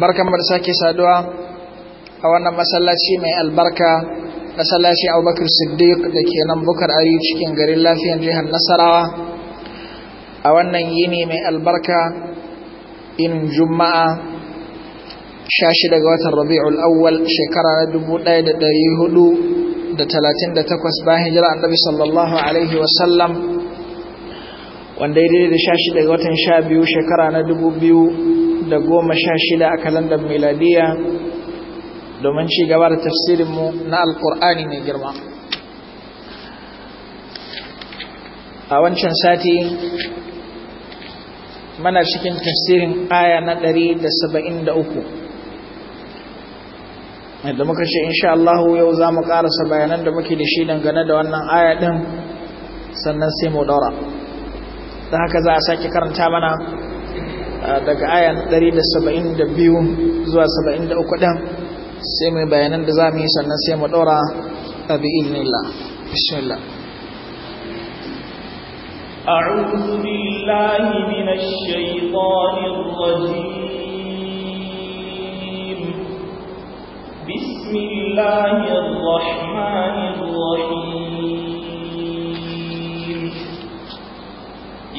barkan mu da sake saduwa a wannan masallaci mai albarka masallacin Abubakar Siddiq da ke nan Bukar Ayu cikin garin lafiyan jihar Nasarawa a wannan yini mai albarka in Juma'a 16 ga watan Rabiul Awwal shekara na takwas, bayan hijira Annabi sallallahu alaihi wa sallam wanda ya daidai da sha shida ga watan sha biyu shekara na dubu biyu da goma sha shida a kalandar miladiya domin ci gaba da tafsirinmu na alkur'ani mai girma a wancan sati mana cikin tafsirin aya na ɗari da saba'in da uku da muka ce insha Allahu yau za mu ƙarasa bayanan da muke da shi dangane da wannan aya ɗin sannan sai mu ɗaura da haka za a sake karanta mana daga ayan 172 zuwa 73 ɗin sai mai bayanan da za mu yi sannan sai mu ɗora abi ilmila bismillah أعوذ بالله من الشيطان الرجيم بسم الله الرحمن الرحيم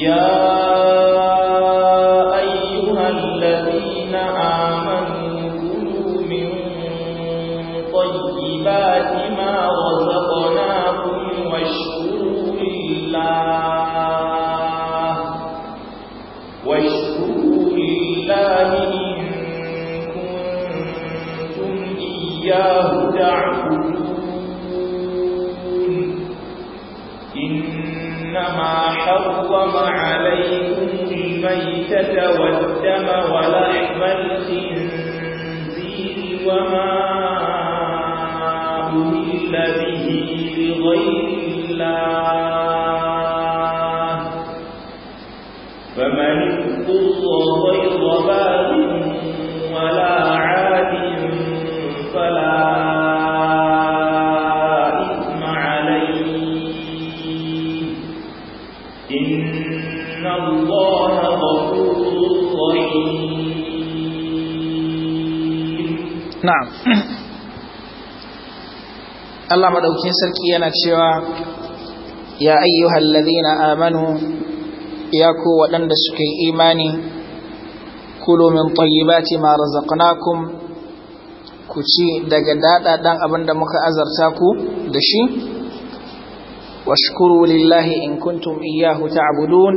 Yeah. الميتة والدم ولحم الخنزير وما أهل به لغير na'am Allah madaukin sarki yana cewa ya ayyuhal ladina amanu ya ku waɗanda suke imani kulu min tayyibati ma razaqnakum ku ci daga daɗaɗan abin da muka azarta ku da shi washkuru lillahi in kuntum iyyahu ta'budun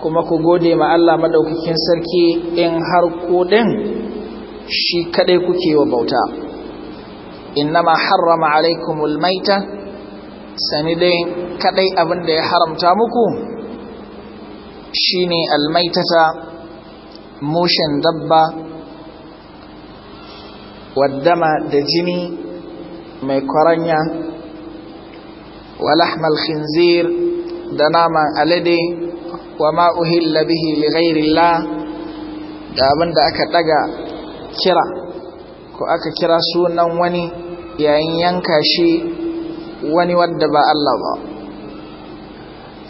kuma ku gode ma Allah madaukakin sarki in har ku din shi kadai kuke wa bauta innama harrama alaikumul maita sani dai kadai abin da ya haramta muku shine almaitata mushin dabba waddama da jini mai kwaranya walahmal khinzir da naman alade wa ma'uhilla labihi li ghairillah da abin da aka daga kira ko aka kira sunan wani yayin yanka shi wani wadda ba Allah ba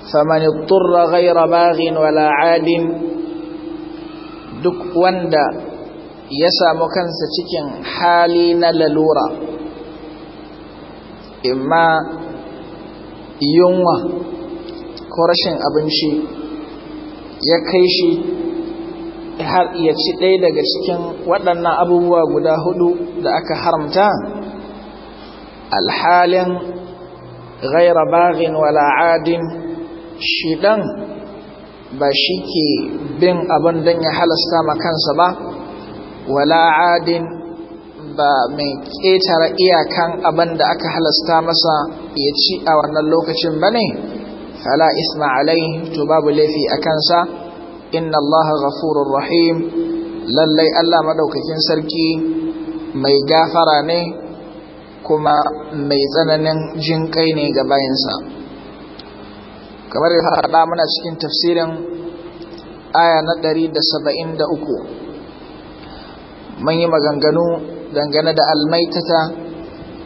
faman turra ghayra baghin wala adin duk wanda ya samu kansa cikin hali na lalura imma yunwa ko rashin abinci ya kai shi har iya ci ɗaya daga cikin waɗannan abubuwa guda hudu da aka haramta alhalin ghaira baghin wala adin shi ba shi ke bin abin don ya halasta kansa ba wala adin ba mai ƙetare iyakan abin da aka halasta masa ya ci a wannan lokacin ba ne fala isma to babu laifi a kansa inna allaha ghafurur rahim lallai Allah madaukakin sarki mai gafara ne kuma mai tsananin jin kai ne ga bayansa kamar da faɗa muna cikin tafsirin aya na 173 mun yi maganganu dangane da almaitata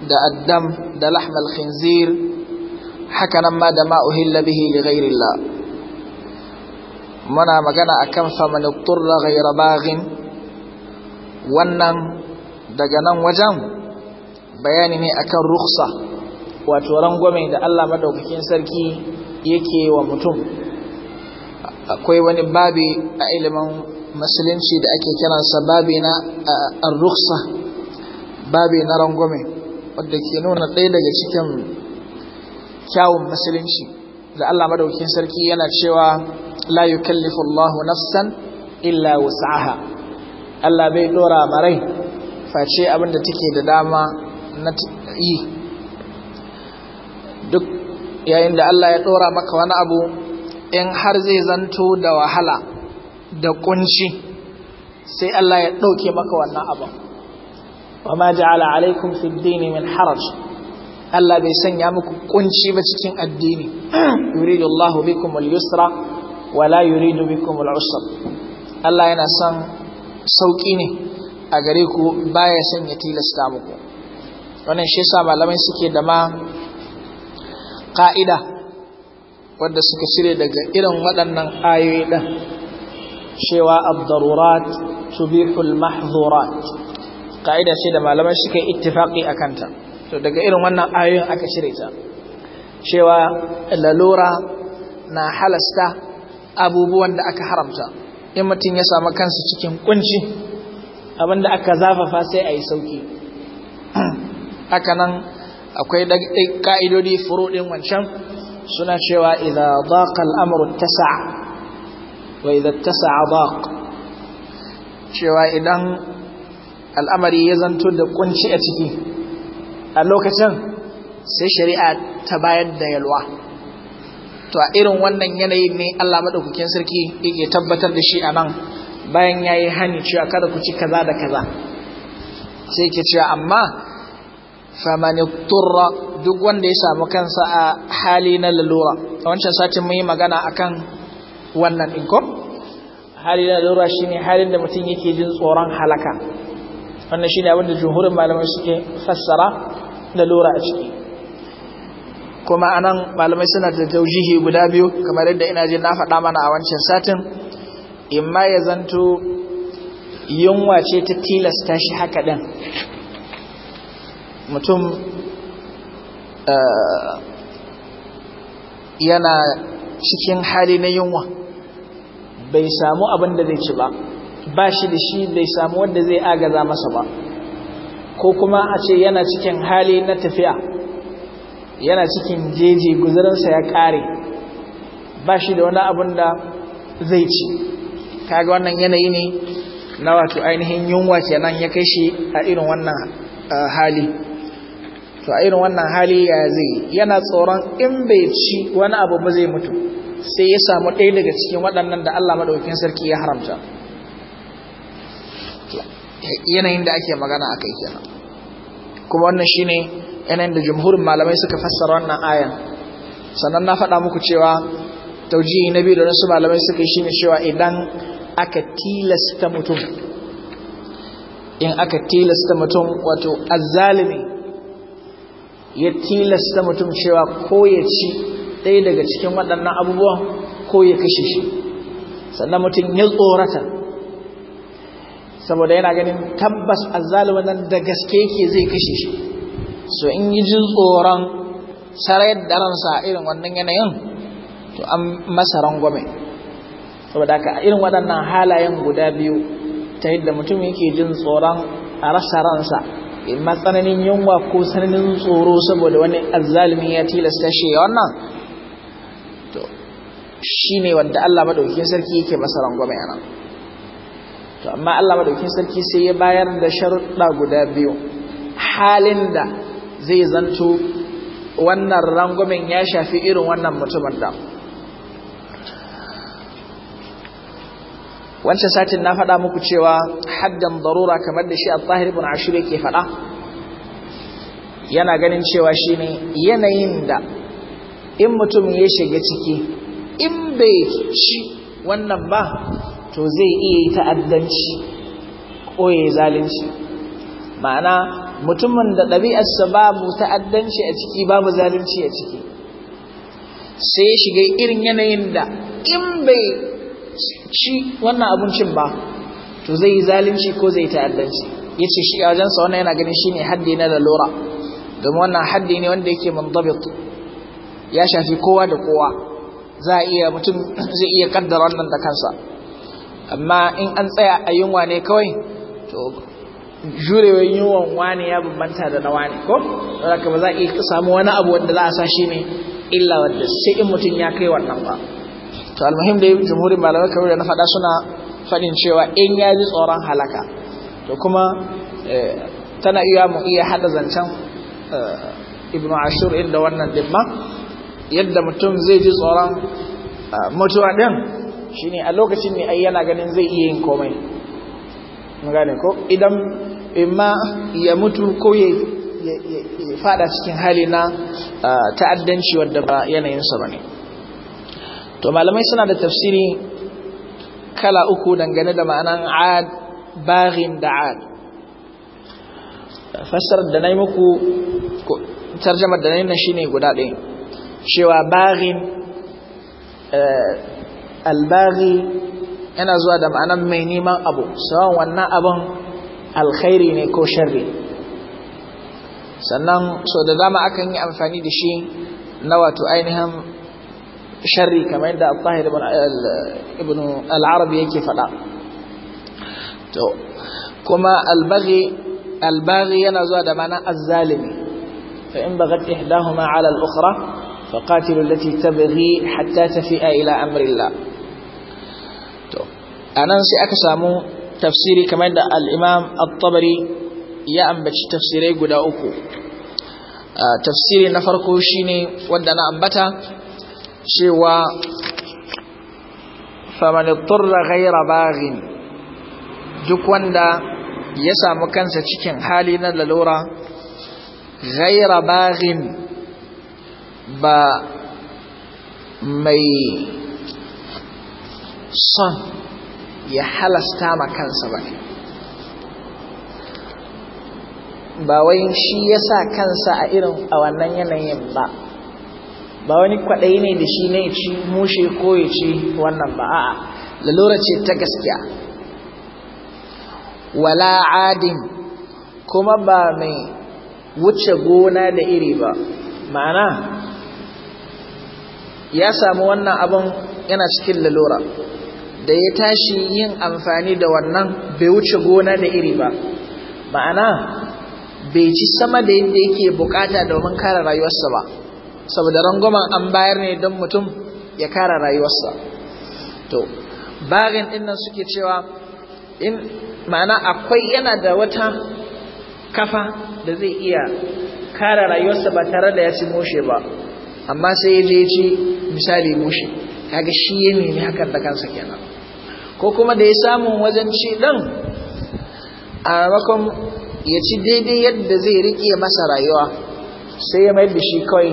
da addam da lahmal khinzir haka nan ma da ma'uhilla bihi li muna magana akan faman turra ghayra baghin wannan daga nan wajen bayani ne akan ruksa wato rangwame da Allah madaukakin sarki yake wa mutum akwai wani babi a ilimin musulunci da ake kiransa babi na ar ruksa babi na rangwame wanda ke nuna ɗaya daga cikin kyawun musulunci da Allah madaukakin sarki yana cewa la yukallifu Allahu nafsan illa wus'aha Allah bai dora marai face abinda take da dama na yi duk yayin da Allah ya dora maka wani abu in har zai zanto da wahala da kunci sai Allah ya dauke maka wannan abu wa ma ja'ala alaikum fid dini min haraj Allah bai sanya muku kunci ba cikin addini yuridu Allahu bikum al-yusra wala yuridu bikum al'usr Allah yana son sauki ne a gare ku baya son ya tilasta muku wannan shi yasa malamai suke da ma ka'ida wadda suka cire daga irin waɗannan ayoyi da. cewa ad-darurat tubihul mahdhurat ka'ida ce da malamai suka yi ittifaqi akan ta to daga irin wannan ayoyin aka cire ta cewa lalura na halasta abubuwan da aka haramta in mutum ya samu kansa cikin kunci abinda aka zafafa sai a yi sauki hakanan nan akwai ka'idodi furuɗin wancan suna cewa idan daƙa al'amuru tasa wa idan tasa daƙ cewa idan al'amari ya zanto da kunci a ciki a lokacin sai shari'a ta bayar da yalwa to a irin wannan yanayin ne Allah madaukakin sarki yake tabbatar da shi a nan bayan yayi hani cewa kada ku ci kaza da kaza sai yake cewa amma faman duk wanda ya samu kansa a hali na lalura a wancan satin mun yi magana akan wannan din ko hali na lalura shine halin da mutum yake jin tsoron halaka wannan shine abin da jumhurin malamai suke fassara lalura a ciki kuma anan malamai suna da taujihi guda biyu kamar yadda ina jin na faɗa mana a wancan satin imma ya zanto yunwa ce ta tilasta shi haka ɗin mutum eh, yana cikin hali na yunwa bai samu abin da zai ci ba ba shi da shi bai samu wanda zai agaza masa ba ko kuma a ce yana cikin hali na tafiya yana cikin jeje guzurinsa ya kare ba shi da wani abin da zai ci kaga wannan yanayi ne na wato ainihin yunwa nan ya kai shi a irin wannan hali to a irin wannan hali ya zai yana tsoron in bai ci wani abu ba zai mutu sai ya samu ɗaya daga cikin waɗannan da Allah maɗaukin sarki ya haramta yanayin da ake magana a kai kenan kuma wannan shine yanayin da jumhurin malamai suka fassara wannan ayan sannan na faɗa muku cewa taujihi na biyu da wasu malamai suka yi shine cewa idan aka tilasta mutum in aka tilasta mutum wato azzalimi ya tilasta mutum cewa ko ya ci ɗaya daga cikin waɗannan abubuwan ko ya kashe shi sannan mutum ya tsorata saboda yana ganin tabbas azzalimin nan da gaske yake zai kashe shi so in yi jin tsoron sarayar da ransa irin wannan yanayin to an masa rangwame saboda ka irin waɗannan halayen guda biyu ta yadda mutum yake jin tsoron a rasa ransa in matsananin yunwa ko tsananin tsoro saboda wani azzalimi ya tilasta shi wannan to shi ne wanda Allah madaukakin sarki yake masa rangwame a nan to amma Allah madaukakin sarki sai ya bayar da sharuɗa guda biyu halin da zai zanto wannan rangwamen ya shafi irin wannan mutumin da wancan satin na faɗa muku cewa haddan darura kamar da shi a tsahir ibn ashir yake faɗa yana ganin cewa shine yanayin da in mutum ya shiga ciki in bai ci wannan ba to zai iya yi ta'addanci ko ya zalunci ma'ana mutumin da ɗabi'arsa babu ta'addanci a ciki babu zalunci a ciki sai ya shiga irin yanayin da in bai ci wannan abincin ba to zai yi zalunci ko zai ta'addanci ya ce shi a wajensa wannan yana ganin shi ne haddi na lalura domin wannan haddi ne wanda yake mandabit ya shafi kowa da kowa za a iya mutum zai iya kaddara wannan da kansa amma in an tsaya a yunwa ne kawai to yin yawan wani ya bambanta da na wani ko zaka ba za a iya samu wani abu wanda za a sa shi ne illa wanda sai in mutum ya kai wannan ba to almuhim dai jumhurin malamai kamar da na faɗa suna faɗin cewa in ya ji tsoron halaka to kuma eh, tana iya mu iya haɗa zancen eh, ibnu ashur inda wannan dimma yadda mutum zai ji tsoron eh, mutuwa ɗin shine a lokacin ne ai yana ganin zai iya yin komai mun gane ko idan imma ya mutu ko ya fada cikin hali na ta'addanci wadda ba yanayinsa ba ne to malamai suna da tafsiri kala uku dangane da ma'anan ad baghin da ad fassarar da na muku tarjamar da na yi na shi ne guda ɗaya cewa baghin albaghi yana zuwa da ma'anan mai neman abu sawan wannan abun alkhairi ne ko sharri sannan so da dama akan yi amfani da shi na wato ainihin sharri kamar yadda al-tahir ibn al-arabi yake faɗa to kuma al-baghi al-baghi yana zuwa da ma'ana az-zalimi fa in bagat ihdahuma ala al-ukhra fa qatilu allati tabghi hatta tafi'a ila amri Allah to anan sai aka samu tafsiri kamar da al'imam al-tabari ya ambaci tafsirai guda uku tafsiri na farko shine wanda na ambata cewa famanitturra ghaira baghin duk wanda ya samu kansa cikin hali na lalura ghaira baghin ba mai son ya halasta ma kansa ba ba wai shi ya sa kansa a irin a wannan yanayin ba ba wani kwaɗayi ne da shi ne ci mushe ko ya ci wannan ba a'a lalura ce ta gaskiya wala adin kuma ba mai wuce gona da iri ba ma'ana ya samu wannan abin yana cikin lalura da ya tashi yin amfani da wannan bai wuce gona da iri ba ma'ana bai ci sama da yadda yake bukata domin kare rayuwarsa ba saboda rangwamen an bayar ne don mutum ya kare rayuwarsa to bagin dinnan suke cewa in ma'ana akwai yana da wata kafa da zai iya kare rayuwarsa ba tare da ya ci moshe ba amma sai ya je ya ci misali moshe kaga shi ya nemi hakan da kansa kenan ko kuma da ya samu wajen ci ɗan a rakon ya ci daidai yadda zai riƙe masa rayuwa sai ya mayar da shi kawai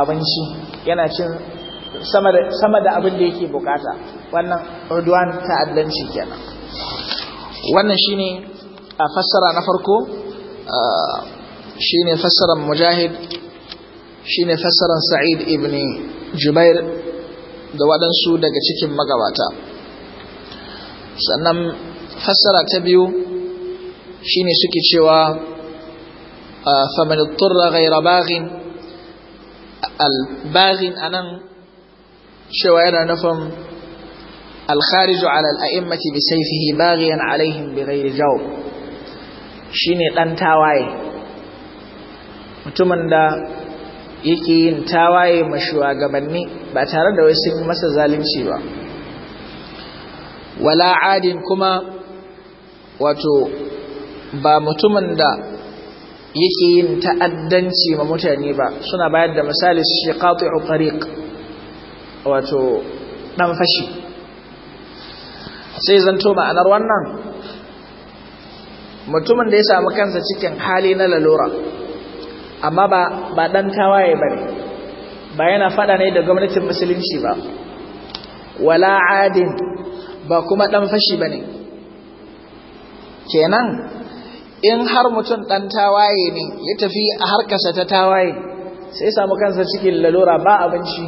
abinci yana cin sama da abin da yake bukata wannan urduwan ta'addanci kenan wannan shine a fassara na farko shine fassaran mujahid shine fassaran sa'id ibn jubair da waɗansu daga cikin magabata sannan fassara ta biyu shine suke cewa ah, faman turra ghayra baghin al-baghin anan cewa yana nufin al-kharij ala al-a'immati bi sayfihi baghiyan alaihim bi ghayri jawab shine dan tawaye mutumin da yake yin tawaye ma shugabanni ba tare da wai sun masa zalunci ba wala adin kuma wato ba mutumin da yake yin ta'addanci ma mutane ba suna bayar da misali shi qati'u tariq wato dan fashi sai zanto ma'anar wannan mutumin da ya samu kansa cikin hali na lalura amma ba ba dan tawaye bane ba yana fada ne da gwamnatin musulunci ba wala adin ba kuma ɗan fashi ba ne kenan in har mutum ɗan tawaye ne ya tafi a harkarsa ta tawaye sai samu kansa cikin lalura ba abinci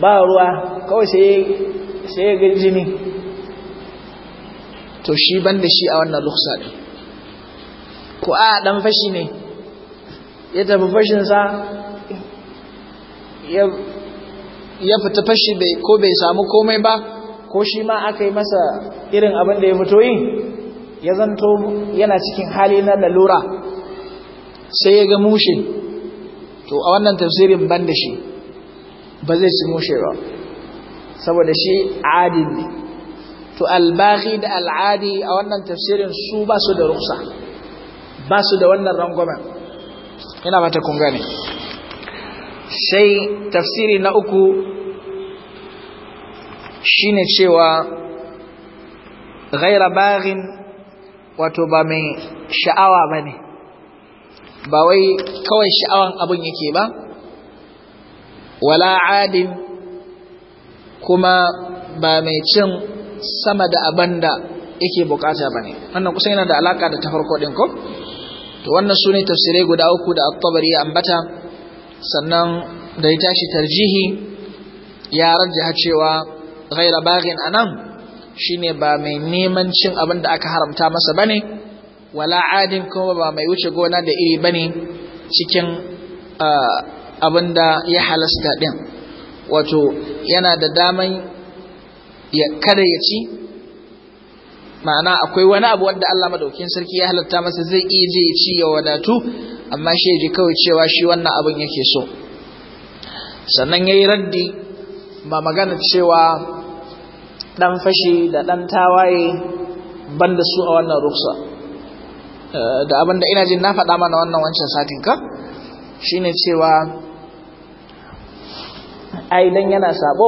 ba ruwa kawai sai ya jini to shi ban da shi a wannan luksa ɗin ko a ɗan fashi ne ya tafi fashinsa ya fita fashi ko bai samu komai ba ko shi ma aka yi masa irin abin da ya fito yi ya zanto yana cikin hali na lalura sai ya ga mushe to a wannan tafsirin ban da shi ba zai ci mushe ba saboda shi adin ne to albahi da al'adi a wannan tafsirin su ba su da ruksa ba su da wannan rangwamen ina mata kun gane sai tafsiri na uku shine cewa ghaira baghin wato ba mai sha'awa bane ba wai kawai sha'awan abun yake ba wala adin kuma ba mai cin sama da abanda yake bukata bane wannan kusan yana da alaka da ta farko din ko to wannan sune tafsirai guda uku da at ya ambata sannan da ya tashi tarjihi ya rajjaha cewa ghaira baghin anan shine ba mai neman cin abin da aka haramta masa bane wala adin kuma ba mai wuce gona da iri bane cikin abin da ya halasta din wato yana da daman ya kada ya ci ma'ana akwai wani abu wanda Allah madaukin sarki ya halatta masa zai iya je ya ci ya wadatu amma shi ya ji kawai cewa shi wannan abin yake so sannan ya yi raddi ba magana cewa dan fashi da dan tawaye banda su a wannan ruksa eh, da abinda ina jin na faɗa mana wannan wancan satin ka shine cewa ai dan yana sabo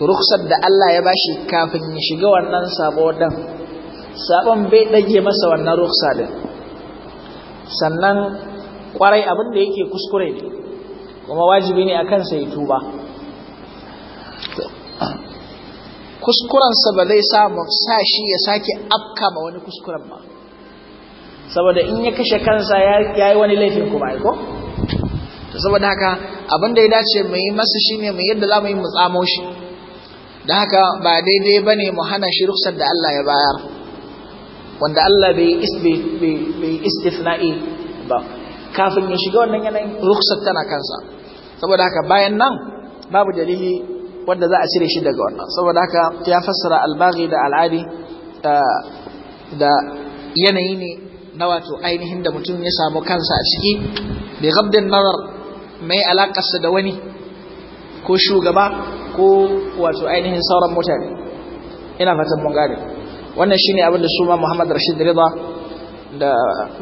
ruksar da Allah ya bashi kafin ya shiga wannan sabo din sabon bai ɗage masa wannan ruksa din sannan kwarai abinda da yake kuskure kuma wajibi ne a kansa ya tuba kuskurensa ba zai sa shi ya sake afka ma wani kuskuren ba saboda in ya kashe kansa ya yi wani laifin kuma aiko Ta saboda haka abinda ya dace mai yi masa shine mai yadda za mu yi mu tsamo shi da haka ba daidai ba ne mu hana shi ruksar da Allah ya bayar wanda Allah bai istifna'i ba kafin ya shiga wannan yanayin ruksar tana kansa saboda haka bayan nan babu dalili wanda za a cire shi daga wannan saboda haka ya fassara albaghi da al'adi eh, da yanayi ne na wato ainihin da mutum ya samu kansa a ciki bi gabdin nazar mai alakarsa da wani ko shugaba ko wato ainihin sauran mutane ina fatan mun gane wannan shine abin da suma Muhammad Rashid Rida da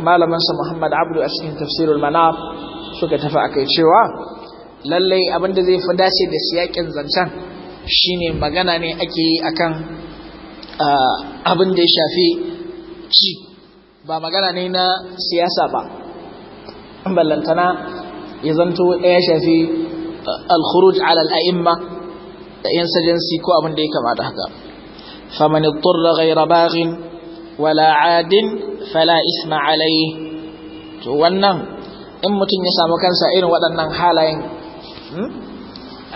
malamansa Muhammad Abdu a cikin tafsirul Manar suka tafi akai cewa lallai abinda zai fi dace da siyakin zancen shine magana ne ake yi akan abin da ya shafi ci ba magana ne na siyasa ba ballantana ya zanto ɗaya shafi al-khuruj ala al-a'imma da si ko abin da ya kamata haka faman ittara ghayra baghin wala adin fala isma alayhi to wannan in mutum ya samu kansa irin waɗannan halayen Hmm?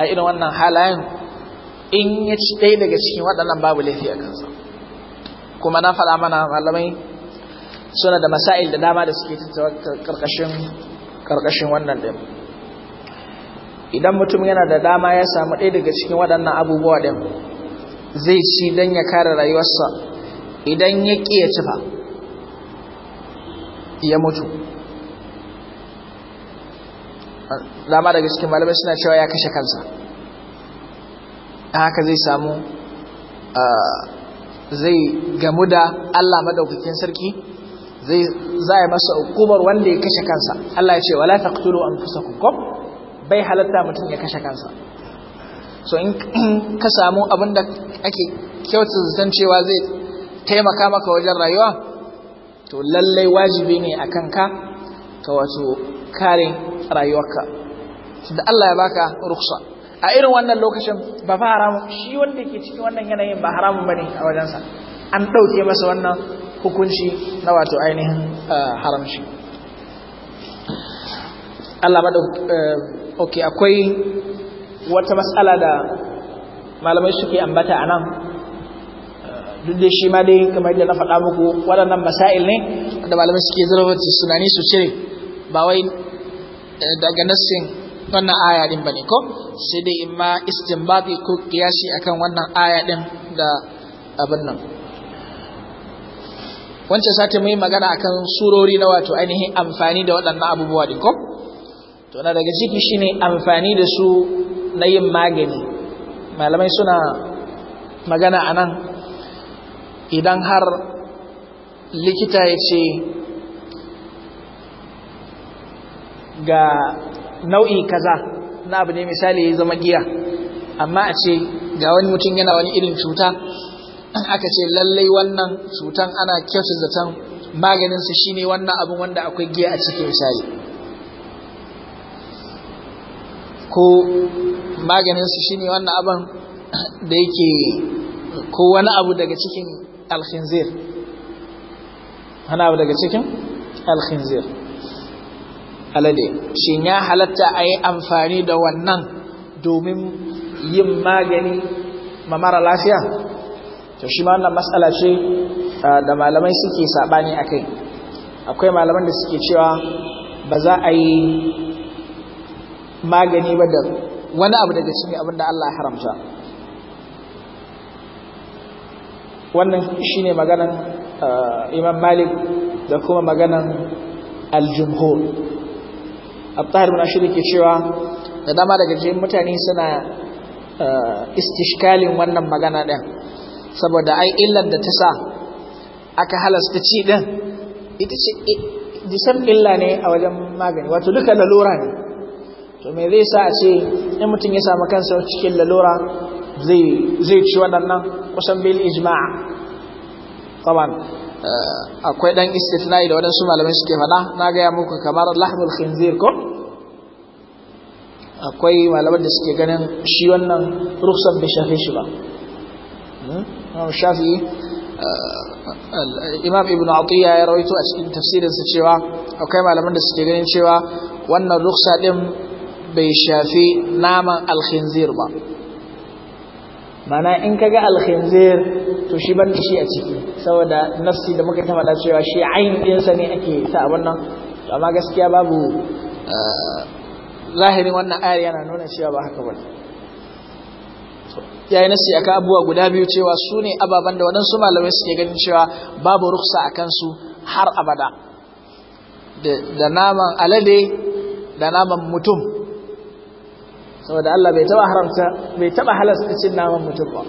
a irin wannan halayen in ya ci ɗaya daga cikin waɗannan babu laifi a kansa kuma na faɗa mana malamai suna da masail da dama da suke tattawa ƙarƙashin wannan ɗin idan mutum yana da dama ya samu ɗaya daga cikin waɗannan abubuwa ɗin zai ci don ya kare rayuwarsa idan ya ƙi ya ci ba ya mutu dama daga cikin malamai suna cewa ya kashe kansa haka zai samu zai gamu da Allah madaukakin sarki zai zai masa hukumar wanda ya kashe kansa Allah ya ce wala taqtulu anfusakum kum bai halatta mutum ya kashe kansa so in ka samu abin da ake kyautar zan cewa zai taimaka maka wajen rayuwa to lallai wajibi ne akan ka, ka wato kare rayuwarka da Allah ya baka ruksa a irin wannan lokacin ba fa haramun shi wanda ke cikin wannan yanayin ba haramun bane a wajensa an ɗauke masa wannan hukunci na wato ainihin eh, haramci Allah ba da eh, okay akwai wata matsala da malamai suke ambata a nan duk da shi ma dai kamar yadda na faɗa muku waɗannan masail ne da malamai suke zurfafa tunani su cire ba wai Eh, daga nassin wannan aya din bane ko sai dai imma istinbabi ko kiyashi akan wannan aya din da abin nan wancan sati mun yi magana akan surori na wato ainihin amfani da waɗannan abubuwa din ko to na daga ciki shine amfani da su na yin magani malamai suna magana anan idan har likita ya ce ga nau'i kaza na abu ne misali ya zama giya amma a ce ga wani mutum yana wani irin cuta aka ce lallai wannan cutan ana kyautar zaton maganinsa shine wannan abin wanda akwai giya a cikin misali ko maganinsa shine wannan abin da yake ko wani abu daga cikin alkhinzir wani abu daga cikin alkhinzir alade shi ya halatta a yi amfani da wannan domin yin magani ma mara lafiya to shi ma wannan matsala ce da malamai suke saɓani a kai akwai malaman da suke cewa ba za a yi magani ba da wani abu daga cikin abin da Allah haramta wannan shi ne maganan imam malik da kuma maganan aljumhur abtahar bin ashir ke cewa da dama daga cikin mutane suna eh, istishkalin wannan magana ɗin saboda ai illar da ta sa aka halasta ci ɗin ita ce disan illa ne a wajen magani wato duka lalura ne to me zai sa a ce in mutum ya samu kansa cikin lalura zai ci waɗannan kusan bil ijma'a Eh, akwai dan istitnai da waɗansu malamai suke fana na gaya muku kamar lahmul khinzir ko akwai malamai da suke ganin shi wannan ruksan bai shafe shi ba hmm? shafi eh, imam ibn atiyya ya rawaito a cikin tafsirinsa cewa akwai malaman da suke ganin cewa wannan ruksa din bai shafi naman alkhinzir ba mana in kaga alkhinzir to shi ban shi a ciki saboda nafsi da muka taba cewa shi ayin sa ne ake sa wannan, to amma gaskiya babu ah, zahirin wannan ayar yana nuna cewa ba haka bane yayin nasi aka abuwa guda biyu cewa su ne ababen da waɗansu malamai suke ganin cewa babu ruksa a kansu har abada da naman alade da naman mutum saboda Allah bai taba haramta bai taba halasta cin naman mutum ba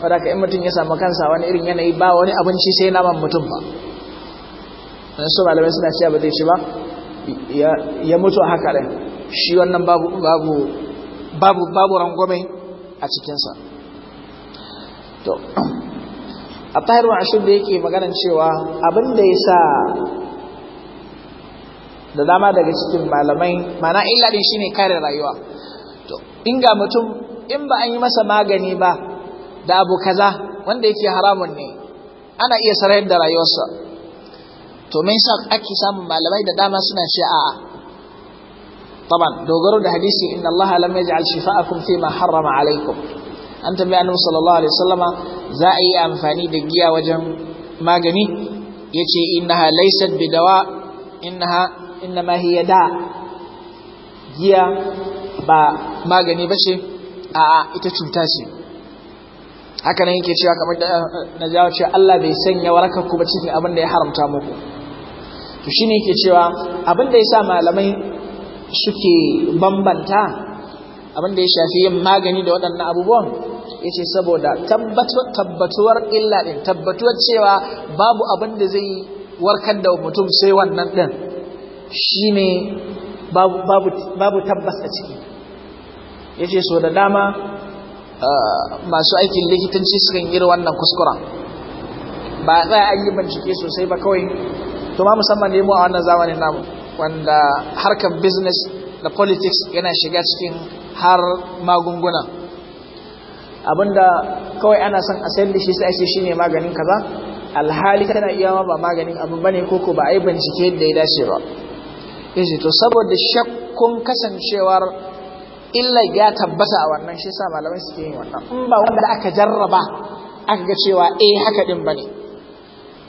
wanda ka in mutum ya samu kansa wani irin yanayi ba wani abinci sai naman mutum ba dan su malamai suna cewa ba zai ci ba ya mutu haka ɗin shi wannan babu babu babu babu rangwame a cikinsa to a tahirun ashir da yake maganan cewa abin da ya sa da dama daga cikin malamai mana illa din shine kare rayuwa to in ga mutum in ba an yi masa magani ba da abu kaza wanda yake haramun ne ana iya sarayar da rayuwarsa to me ake samun malamai da dama suna sha'a? a'a طبعا dogaro da hadisi inna Allah lam yaj'al shifa'akum fima harrama alaikum an tambaya annabi sallallahu alaihi wasallama za a yi amfani da giya wajen magani yace innaha laysat bidawa innaha ma hiya da giya ba magani ba ce a ita cuta ce haka nan yake cewa kamar da na jawo cewa Allah bai sanya warakar ku ba cikin abin da ya haramta muku to shine yake cewa abin da yasa malamai suke bambanta abin da ya shafi yin magani da waɗannan abubuwan yace saboda tabbatuwar illa din tabbatuwar cewa babu abin da zai warkar da mutum sai wannan din Shi ne babu tabbas a ciki yace so da dama ah, masu aikin likitanci sukan yi wannan kuskura. ba a tsaye an yi bincike sosai ba kawai to ma musamman ne a wannan zamanin namu wanda harkar business da politics yana shiga cikin har magunguna abinda kawai ana son a sayar da shi sai ake shine maganin kaza alhali kana iya ma ba maganin abu bane koko ba a yi bincike yadda ya dace ba yace to saboda shakkun kasancewar illa ya tabbata a wannan shi sa malamai suke yin wannan in ba wanda aka jarraba aka ga cewa eh haka din bane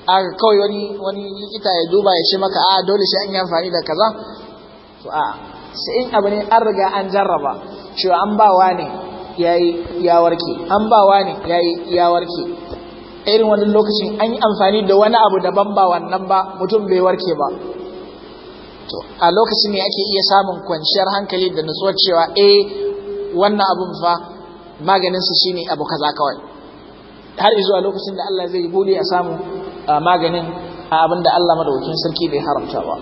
aka kawai wani wani likita ya duba ya ce maka a ah, dole sai an yi amfani da kaza to a sai in abu ne an riga an jarraba cewa an ba wani yayi ya warke an ba wani yayi ya warke irin wani lokacin an yi amfani da wani abu daban ba wannan ba mutum bai warke ba to a lokacin ne ake iya samun kwanciyar hankali da nutsuwar cewa eh wannan abun fa maganin su shine abu kaza kawai har zuwa lokacin da Allah zai gode a samu maganin a abin da Allah madaukin sarki bai haramta ba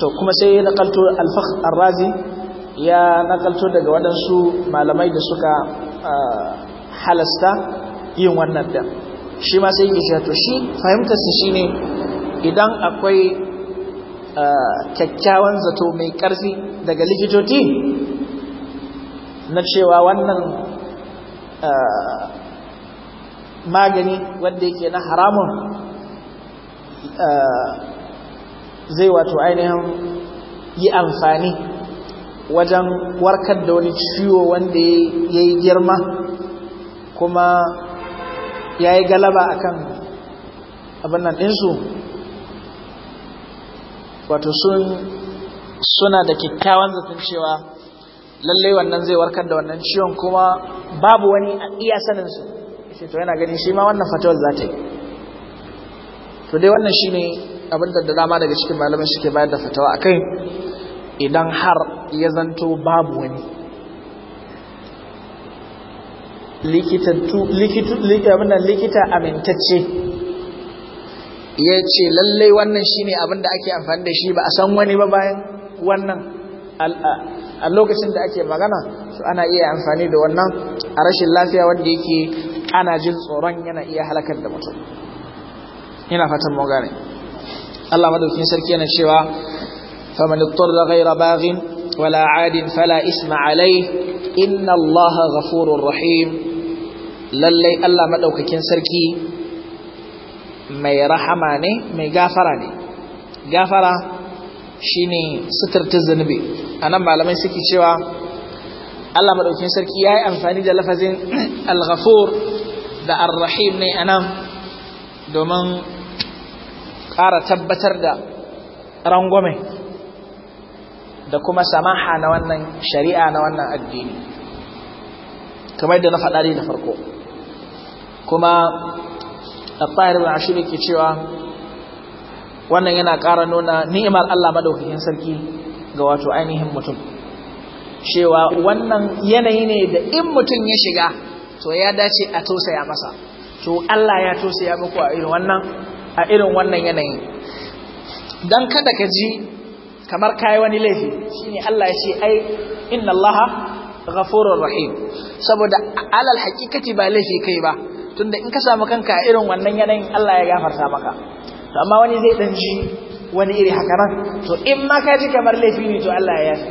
to kuma sai ya nakalto al fakh ar-razi ya nakalto daga wadansu malamai da suka halasta yin wannan din shi ma sai ya ce to shi shi shine idan akwai eh, kyakkyawan zato mai ƙarfi daga likitoci na cewa wannan eh, magani wanda yake na haramun eh, zai wato ainihin yi amfani wajen warkar da wani ciwo wanda ya yi girma kuma ya yi galaba akan abin nan ɗinsu wato sun suna da kyakkyawan zafin cewa lallai wannan zai warkar da wannan ciwon kuma babu wani a iya saninsu sai to yana gani shi ma wannan fatawar za ta yi to dai wannan shi ne abin da dama daga cikin malamai ke bayar da fatawa a kai idan har ya zanto babu wani likita amintacce ya ce lallai wannan shine abin da ake amfani da shi ba a san wani ba bayan wannan a lokacin da ake magana su ana iya amfani da wannan a rashin lafiya wanda yake ana jin tsoron yana iya halakar da mutum ina fatan mu gane Allah madaukin sarki yana cewa faman da ghayra baghin wala adin fala isma alai inna Allah ghafurur rahim lallai Allah madaukakin sarki mai rahama ne mai gafara ne gafara shine suturta zunubi anan malamai suke cewa Allah maɗaukin sarki ya yi amfani da lafazin al da ar ne ne anan domin ƙara tabbatar da rangwame da kuma samaha na wannan shari'a na wannan addini kamar da na faɗa da farko kuma al-tahir ibn ashir yake cewa wannan yana ƙara nuna ni'imar Allah madaukakin sarki ga wato ainihin mutum cewa wannan yanayi ne da in mutum ya shiga to ya dace a tausaya masa to Allah ya tausaya muku a irin wannan a irin wannan yanayin dan kada ka ji kamar kai wani laifi shine Allah ya ce ai inna Allah ghafurur rahim saboda alal haqiqati ba laifi kai ba tunda in ka samu kanka a irin wannan yanayin Allah ya gafarta maka to amma wani zai dan ji wani iri haka nan to in ma ka ji kamar laifi ne to Allah ya yafi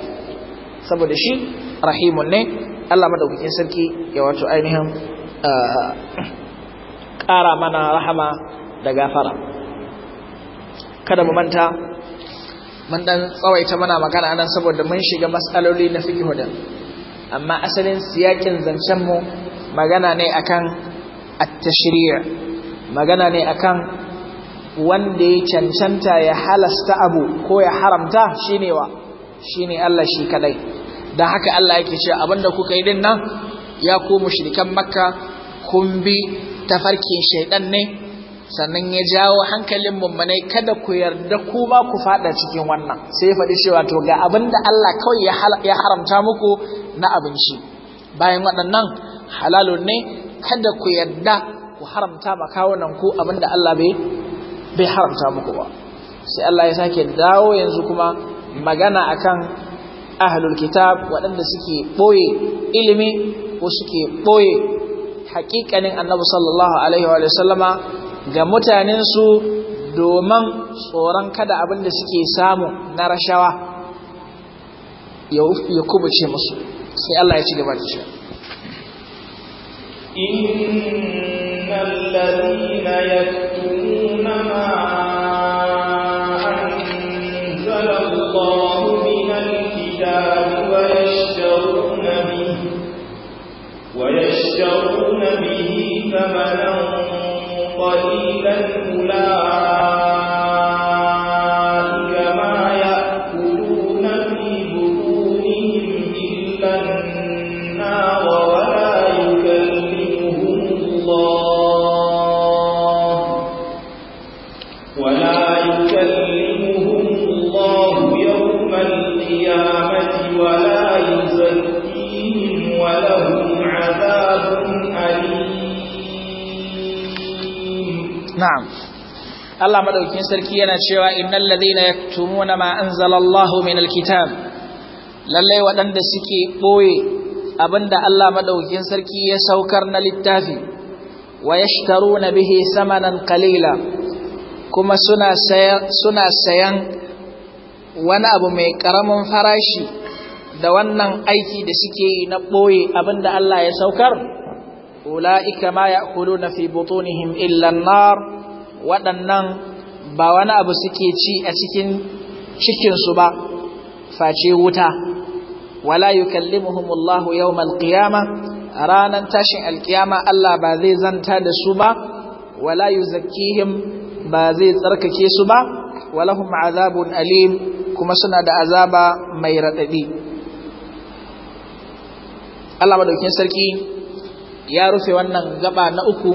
saboda shi rahimun ne Allah madaukakin sarki ya wato ainihin ah, ƙara mana rahama da gafara kada mu manta mun dan tsawaita mana magana nan saboda mun shiga mas'aloli na fiqh da amma asalin siyakin zancen mu magana ne akan at-tashri' magana ne akan wanda ya cancanta ya halasta abu ko ya haramta shine wa ne Allah shi kadai Da haka Allah yake cewa abinda kuka yi din nan ya ku mushrikan makka kun bi tafarkin shaidan ne sannan ya jawo hankalin mummunai kada ku yarda ku ba ku fada cikin wannan sai ya faɗi cewa to ga abinda Allah kawai ya haramta muku na abinci bayan waɗannan halalun ne kada ku yarda ku haramta ba kawunan ku abinda Allah bai haramta muku ba sai Allah ya sake dawo yanzu kuma magana akan ahlul kitab waɗanda suke boye ilimi ko suke boye haƙiƙanin annabi sallallahu alaihi wa sallama ga mutanen domin tsoron kada abinda suke samu na rashawa ya kubuce musu sai Allah ya ci gaba da shi إن الذين يكتمون ما Allah Madaukin sarki yana cewa innal ladhina yaktumuna ma anzalallahu minal kitab lalle waɗanda suke boye abinda Allah madaukakin sarki ya saukar na littafi wa yashtaruna bihi samanan qalila kuma suna suna sayan wani abu mai karamin farashi da wannan aiki da suke yi na boye abinda Allah ya saukar ula'ika ma ya'kuluna fi butunihim illa an-nar waɗannan ba wani abu suke ci a cikin cikinsu ba face wuta wala yukallimuhumullahu yawmal qiyama ranan tashin alkiyama Allah ba zai zanta da su ba wala yuzakkihim ba zai tsarkake su ba walahum azabun alim kuma suna da azaba mai radadi Allah madaukin sarki ya rufe wannan gaba na uku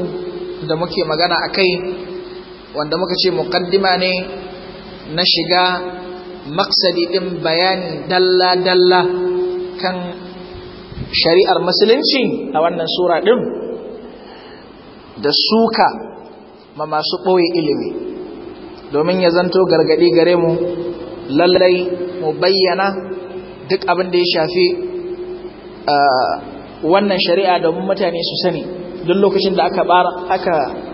da muke magana akai wanda muka ce muqaddima ne na shiga maksadi ɗin bayani dalla-dalla kan shari'ar musulunci a wannan sura ɗin da suka ma masu ɓoye ilimi domin ya zanto gargadi gare mu lallai mu bayyana duk abin da ya shafi ah, wannan shari'a domin mutane su sani duk lokacin da aka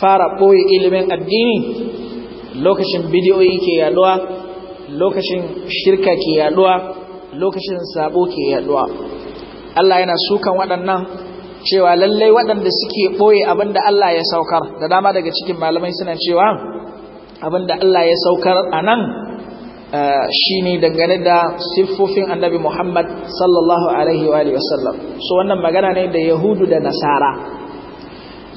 fara ɓoye ilimin addini lokacin bidiyoyi ke yaduwa lokacin shirka ke yaduwa lokacin sabo ke yaduwa Allah yana sukan waɗannan cewa lallai waɗanda suke ɓoye abinda Allah ya saukar da dama daga cikin malamai suna cewa abinda Allah ya saukar a nan eh, shi ne dangane da siffofin annabi Muhammad sallallahu Alaihi wa So wannan magana ne da Yahudu da Nasara.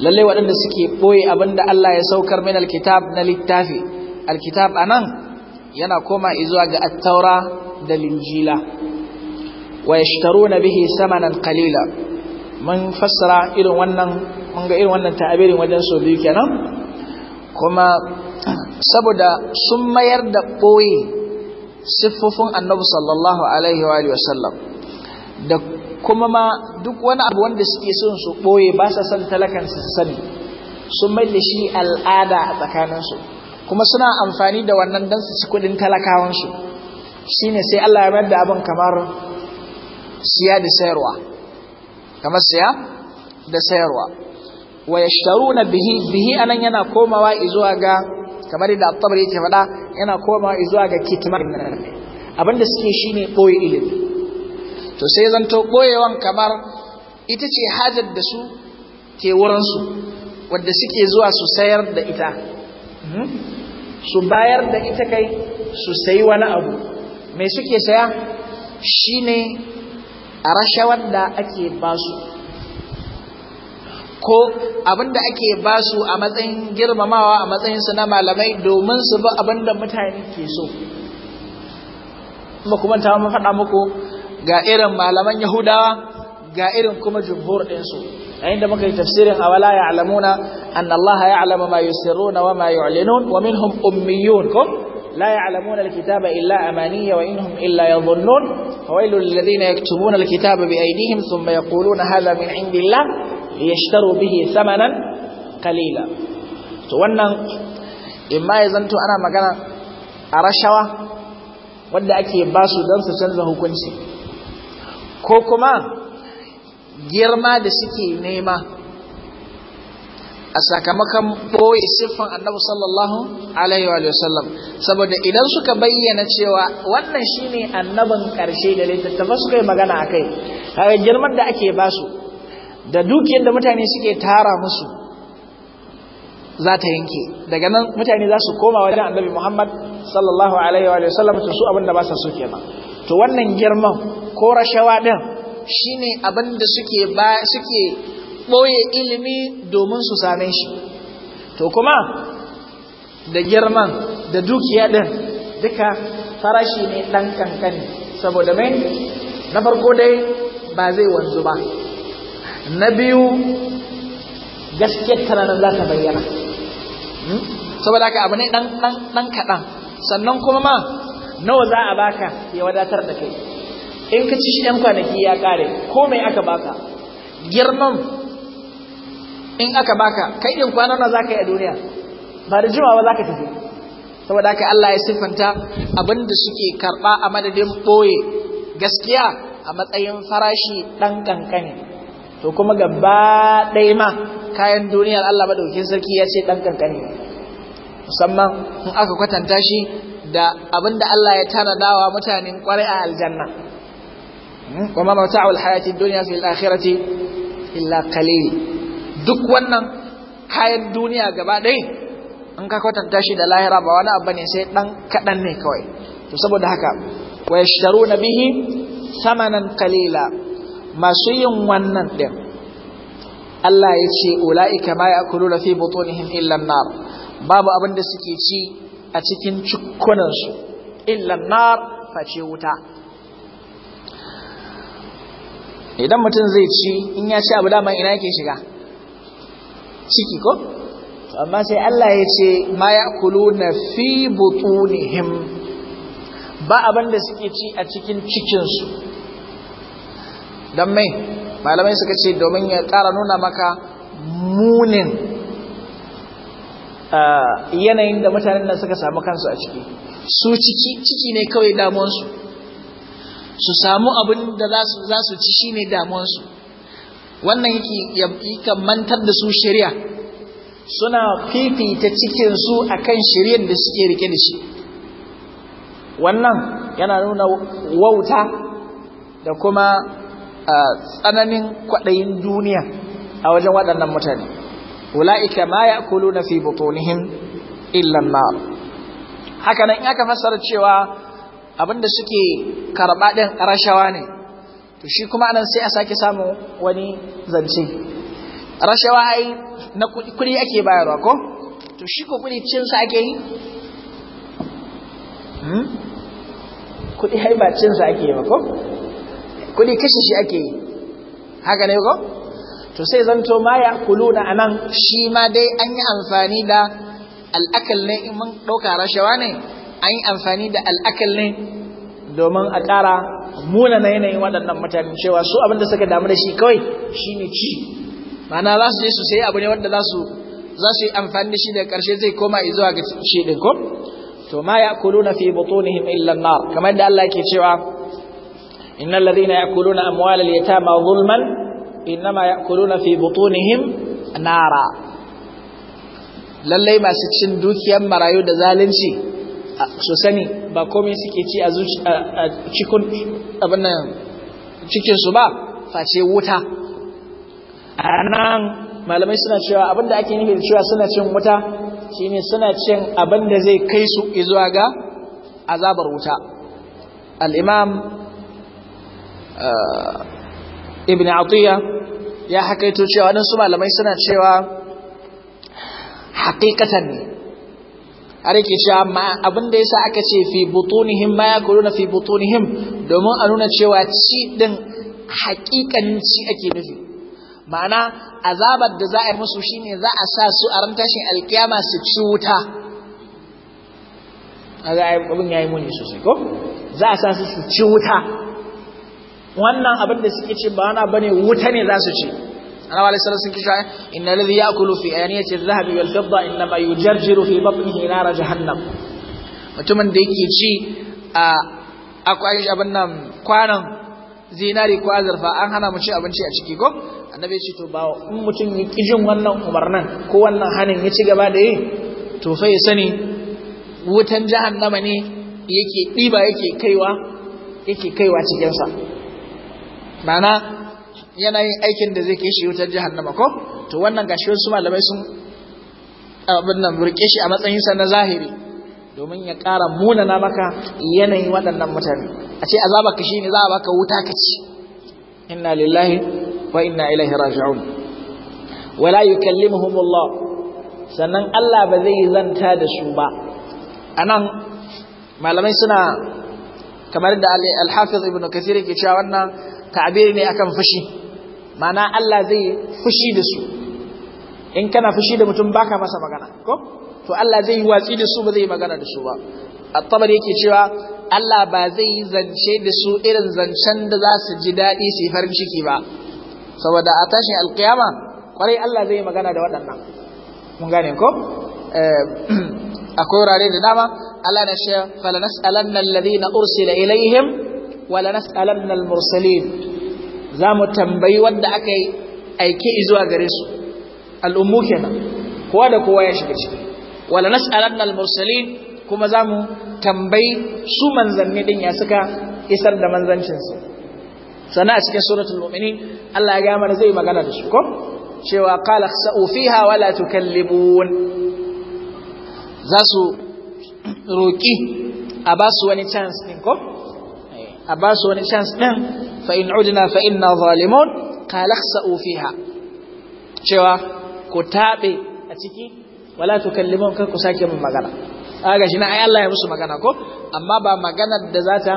lallai waɗanda suke ɓoye abinda Allah ya saukar min alkitab na littafi alkitab anan yana koma izuwa ga attaura da linjila wa na bihi samanan kalila mun fassara irin wannan mun ga irin wannan ta'abirin wajen so biyu kenan kuma saboda sun mayar da ɓoye siffofin annabi sallallahu alaihi wa sallam da kuma ma duk wani abu wanda suke son su ɓoye ba sa son talakan su sani sun mai da shi al'ada a tsakaninsu kuma suna amfani da wannan don su ci kuɗin talakawansu shi ne sai Allah ya mayar da abin kamar siya da sayarwa kamar siya da sayarwa wa na bihi bihi anan yana komawa izuwa ga kamar da at-tabari ce faɗa yana komawa izuwa ga kitman abinda suke shine ɓoye ilimi to sai zanto ɓoyewan kamar ita ce hajar da su ke wurinsu wadda suke zuwa su sayar da ita hmm? su bayar da ita kai su sayi wani abu mai suke saya shine a rashawar da ake basu ko abinda ake basu a matsayin girmamawa a matsayin su na malamai domin su bi abinda mutane ke so kuma kuma ta mafaɗa muku ga irin malaman yahudawa ga irin kuma jumhur ɗinsu a inda muka yi tafsirin a wala ya alamuna an Allah ya alama ma yusirruna wa ma yu'linun wa minhum ummiyun ko لا يعلمون الكتاب إلا أماني وإنهم إلا يظنون فويل للذين يكتبون الكتاب بأيديهم ثم يقولون هذا من عند الله ليشتروا samanan ثمنا To wannan in ma ya zanto ana magana a rashawa wadda ake basu don su canza hukunci ko kuma girma da suke nema a sakamakon boye siffan annabi sallallahu alaihi wa sallam saboda idan suka bayyana cewa wannan shine annabin karshe da littattafa suka yi magana a kai kaga girman da ake basu da dukiyar da mutane suke tara musu za ta yanke daga nan mutane za su koma wajen annabi muhammad sallallahu alaihi wa sallam to su abin da ba sa so kenan to wannan girman ko rashawa ɗin shine abin da suke ɓoye ilimi domin su same shi to kuma da girman da dukiya ɗin duka farashi ne ɗan kankani saboda mai na farko dai ba zai wanzu ba na biyu gaskiyar tunanin za ta bayyana hmm? saboda haka abu ne ɗan kaɗan sannan kuma ma nawa za a baka ya wadatar da kai in ka ci shi ɗan kwanaki ya ƙare ko mai aka baka girman in aka baka kai ɗin kwana na za ka yi a duniya ba da jimawa za ka tafi saboda haka Allah ya siffanta abinda suke karɓa a madadin ɓoye gaskiya a matsayin farashi ɗan ƙanƙani to kuma gaba ɗaya ma kayan duniya Allah madaukin sarki ya ce ɗan ƙanƙani musamman in aka kwatanta shi da abinda Allah ya dawa mutanen ƙwarai a aljanna wa ma mata'ul hayatid dunya fil akhirati illa qalil duk wannan kayan duniya gaba ɗaya in ka kwatanta shi da lahira ba wani abu ne sai dan kaɗan ne kawai to saboda haka wa yashtaruna bihi samanan qalila masu yin wannan din Allah ya ce ula'ika ma ya'kuluna fi butunihim illa an-nar babu abin da suke ci a cikin cukkunansu illa an-nar face wuta idan mutum zai ci in ya ci abu dama ina yake shiga ciki ko amma sai Allah ya ce ma na fi butunihim ba abin da suke ci a cikin cikinsu don mai malamai suka ce domin ya ƙara nuna maka munin yanayin da mutanen nan suka samu kansu a ciki su ciki ciki ne kawai damuwarsu su samu abin da za su ci shi ne damuwansu wannan yake mantar da su shari'a suna fifita cikinsu a kan shari'ar da suke rike da shi wannan yana nuna wauta da kuma tsananin kwaɗayin duniya a wajen waɗannan mutane wulaika ma ya kulu na fi butonihin illan na Hakanan nan aka fassara cewa abinda suke karɓa ɗin rashawa ne to shi kuma anan sai a sake samu wani zance rashawa ai na kuɗi ake bayarwa ko to shi ko kuɗi cin sa ake yi hmm? kuɗi ai ba cin sa ake yi ba ko kuɗi kashe shi ake yi haka ne ko to sai zanto ma ya kuluna anan shi ma dai an yi amfani da al'akal ne in mun ɗauka rashawa ne an yi amfani da al'akal ne domin a ƙara muna na yanayin waɗannan mutane cewa su abin da suka damu da shi kawai shi ne ci mana za su je su sai abu ne wanda za su yi amfani da shi da ƙarshe zai koma zuwa ga shi ɗin ko to ma ya kulu na fi butunihim illan na kamar da Allah ke cewa na na ladina ya amwalal ma zulman ma ya innama na fi butunihim nara lallai masu cin dukiyar marayu da zalunci su sani ba komai suke ci a cikin cikinsu ba face wuta a nan malamai suna cewa abinda ake nufi da cewa suna cin wuta shi ne suna cin abinda zai kai su izuwa ga azabar wuta al'imam eh, ibn atiyya ya hakaito cewa waɗansu malamai suna cewa haƙiƙatan ne har yake cewa abin da yasa aka ce fi butunihim ma yakuluna fi butunihim domin a nuna cewa ci din haƙiƙanin ci ake nufi ma'ana azabar da za a yi musu shine za a sa su a ran tashin alkiyama su ci wuta kaga abin yayi muni sosai ko za a sa su su ci wuta wannan abin da suke ce ba wani bane wuta ne za su ci annabi alaihi salam sun kisha inna alladhi ya'kulu fi aniyati adh dhahabi wal fidda ma yujarjiru fi batnihi nar jahannam mutumin da yake ci a akwai abin nan kwanan zinari ko azurfa an hana mu ci abinci a ciki ko annabi ya ce to ba in mutum ya kijin wannan umarnin ko wannan hanin ya ci gaba da yi to fa ya sani wutan jahannama ne yake ɗiba yake kaiwa yake kaiwa cikinsa ma'ana yana yin aikin da zai kai shi wutar jahannama ko to wannan gashi wasu malamai sun abin nan burke shi a matsayin sa na zahiri domin ya ƙara munana maka yanayin waɗannan mutane a ce azaba ka shine za a baka wuta ka ci inna lillahi wa inna ilaihi raji'un wala Allah? sannan Allah ba zai zanta da su ba anan malamai suna kamar da al-hafiz ibnu kathir ke cewa wannan ta'abiri ne akan fushi mana Allah zai fushi da su in kana fushi da mutum baka masa magana ko to Allah zai yi watsi da su ba zai yi magana da su ba at-tabari yake cewa Allah ba zai yi zance da su irin zancen da za su ji daɗi su yi farin ciki ba saboda a tashin alkiyama kwarai Allah zai yi magana da waɗannan mun gane ko eh, akwai wurare da dama Allah na shi falanas'alanna alladhina ursila ilaihim wa lanas'alanna al-mursalin za mu tambayi wadda aka yi aiki zuwa gare su al'ummu kenan kowa da kowa ya shiga ciki wala nas'alanna al-mursalin kuma za mu tambayi su manzanni din ya suka isar da manzancinsu sana a cikin suratul mu'minin Allah ya gama zai magana da su ko cewa qala khsa'u fiha wala tukallimun za su roki a ba su wani chance din ko a ba su wani chance din fa in udna fa inna zalimun qala khsa'u fiha cewa ku tabe a ciki wala tukallimun kan ku sake mun magana aga shi na ai Allah ya musu magana ko amma ba magana da za ta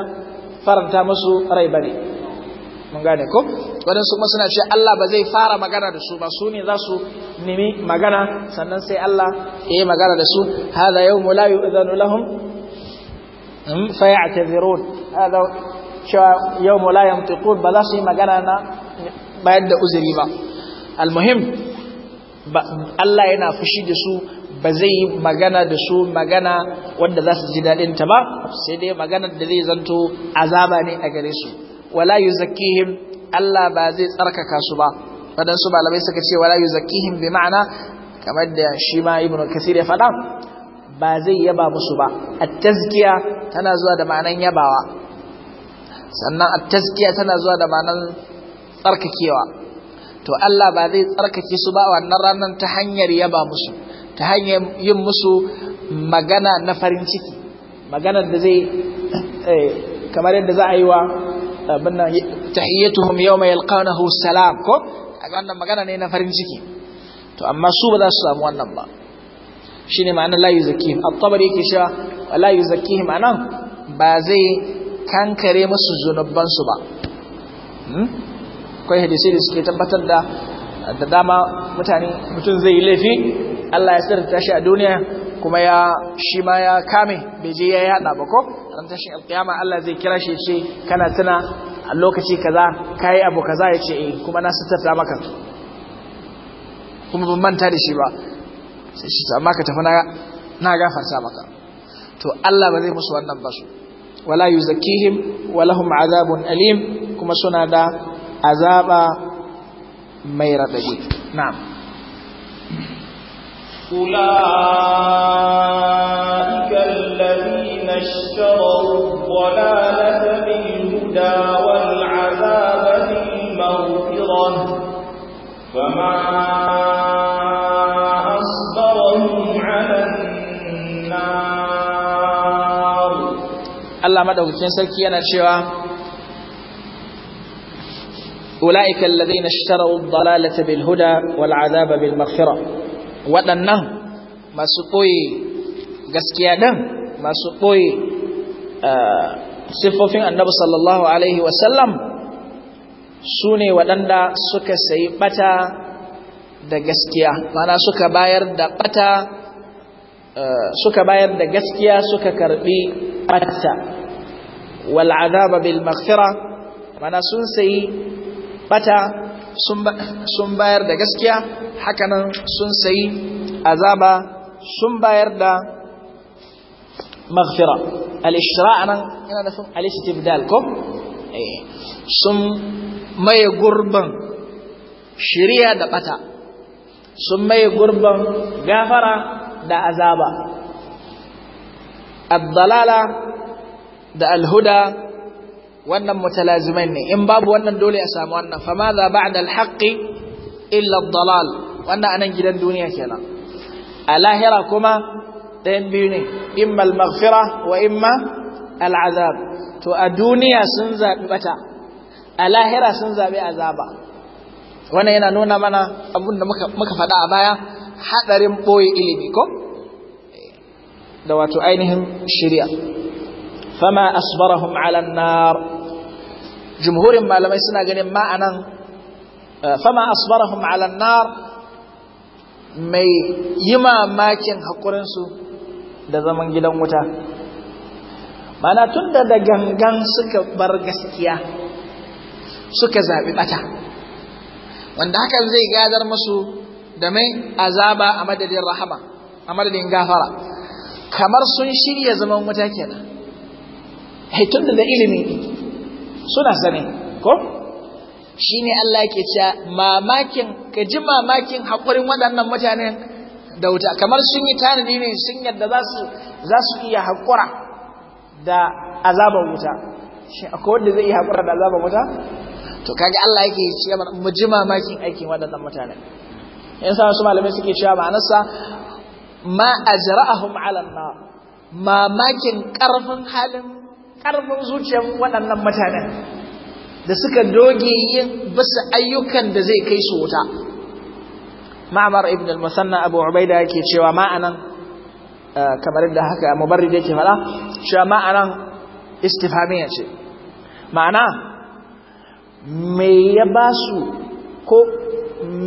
faranta musu rai bane mun gane ko wadansu kuma suna cewa Allah ba zai fara magana da su ba su ne za su nemi magana sannan sai Allah ya yi magana da su hada yawmu la yu'zanu lahum hmm, ya'tazirun hada cewa yau mula yamtiqun ba za su yi magana na bayan da uzuri ba almuhim Allah yana fushi da su ba zai yi magana da su magana wanda za su ji daɗin ta ba sai dai magana da zai zanto azaba ne a gare su wala zakihim Allah ba zai tsarkaka su ba waɗansu malamai suka ce wala zakihim bi ma'ana kamar da shi ma ibn kasir ya faɗa ba zai yaba musu ba at-tazkiya tana zuwa da ma'anan yabawa sannan a taskiya tana zuwa da ma'anar tsarkakewa to Allah ba zai tsarkake su ba wannan ranar ta hanyar yaba musu ta hanyar yin musu magana na farin ciki magana da zai eh, kamar yadda za a yi wa abin tahiyyatuhum yawma yalqanahu salam ko wannan magana ne na farin ciki to amma su ba za su samu wannan ba shine ma'anar la yuzakkihim at-tabari yake cewa la yuzakkihim anan ba zai kankare musu zunubansu ba hmm? akwai hadisai da suke tabbatar da da dama mutane mutum zai yi laifi Allah ya sirta tashi a duniya kuma ya shi ma ya kame bai je ya yada ba ko ran tashi alkiyama Allah zai kira shi ce kana tuna a lokaci kaza kai abu kaza ya ce eh kuma na sirta maka kuma ban manta da shi ba sai shi amma ka tafi na na gafarta maka to Allah ba zai musu wannan ba su ولا يزكيهم ولهم عذاب أليم كما سنة دا عذاب ميرا دجي نعم أولئك الذين اشتروا الضلالة بالهدى والعذاب بالمغفرة فما Allah madaukakin sarki yana cewa ulaika alladhina dalalata bil huda wal azaba masu ɓoye gaskiya dan masu ɓoye eh, sifofin annabu sallallahu alaihi wasallam sune waɗanda suka sayi ɓata da gaskiya mana suka bayar da eh, suka bayar da gaskiya suka karɓi ɓata wal azaba bil maghfira mana sun sayi bata sun bayar da gaskiya hakanan sun sayi azaba sun bayar da maghfira al-ishtira' nan ina nufin al-istibdal ko eh, sun maye gurban shiriya da bata sun maye gurban gafara da azaba ad da alhuda wannan mutalazimai ne in babu wannan dole a samu wannan fama za ba'da alhaqqi illa dalal wannan anan gidan duniya kenan a lahira kuma ɗayan biyu ne imma almaghfira wa imma al'azab to a duniya sun zaɓi bata a lahira sun zaɓi azaba wannan yana nuna mana abun da muka faɗa a baya haɗarin ɓoye ilimi ko da wato ainihin shirya fama asbarahum ala nar jumhurin malamai suna ganin ma'anan fama asbarahum ala nar mai yi mamakin haƙurinsu da zaman gidan wuta mana tun da da gangan suka bar gaskiya suka zaɓi ɓata wanda hakan zai gadar musu da mai azaba a madadin rahama a madadin gafara kamar sun shirya zaman wuta kenan haitun da ilimi suna sani ko shi ne Allah ke cewa mamakin ka ji mamakin haƙurin waɗannan mutanen da wuta kamar sun yi tanadi ne sun yadda za su iya haƙura da azabar wuta shi akwai wanda zai iya haƙura da azabar wuta to kaga Allah yake cewa mu ji mamakin aikin waɗannan mutanen yan sa su malamai suke cewa ma'anarsa ma ajra'ahum 'ala an-nar mamakin karfin halin ƙarfin zuciyar waɗannan mutanen da suka doge yin basu ayyukan da zai kai su wuta ma'amar ibn al-musanna abu ubaida yake cewa ma'anan eh, kamar da haka mubarrid yake fara cewa ma'anan istifhamiyya ce ma'ana me ya ba su ko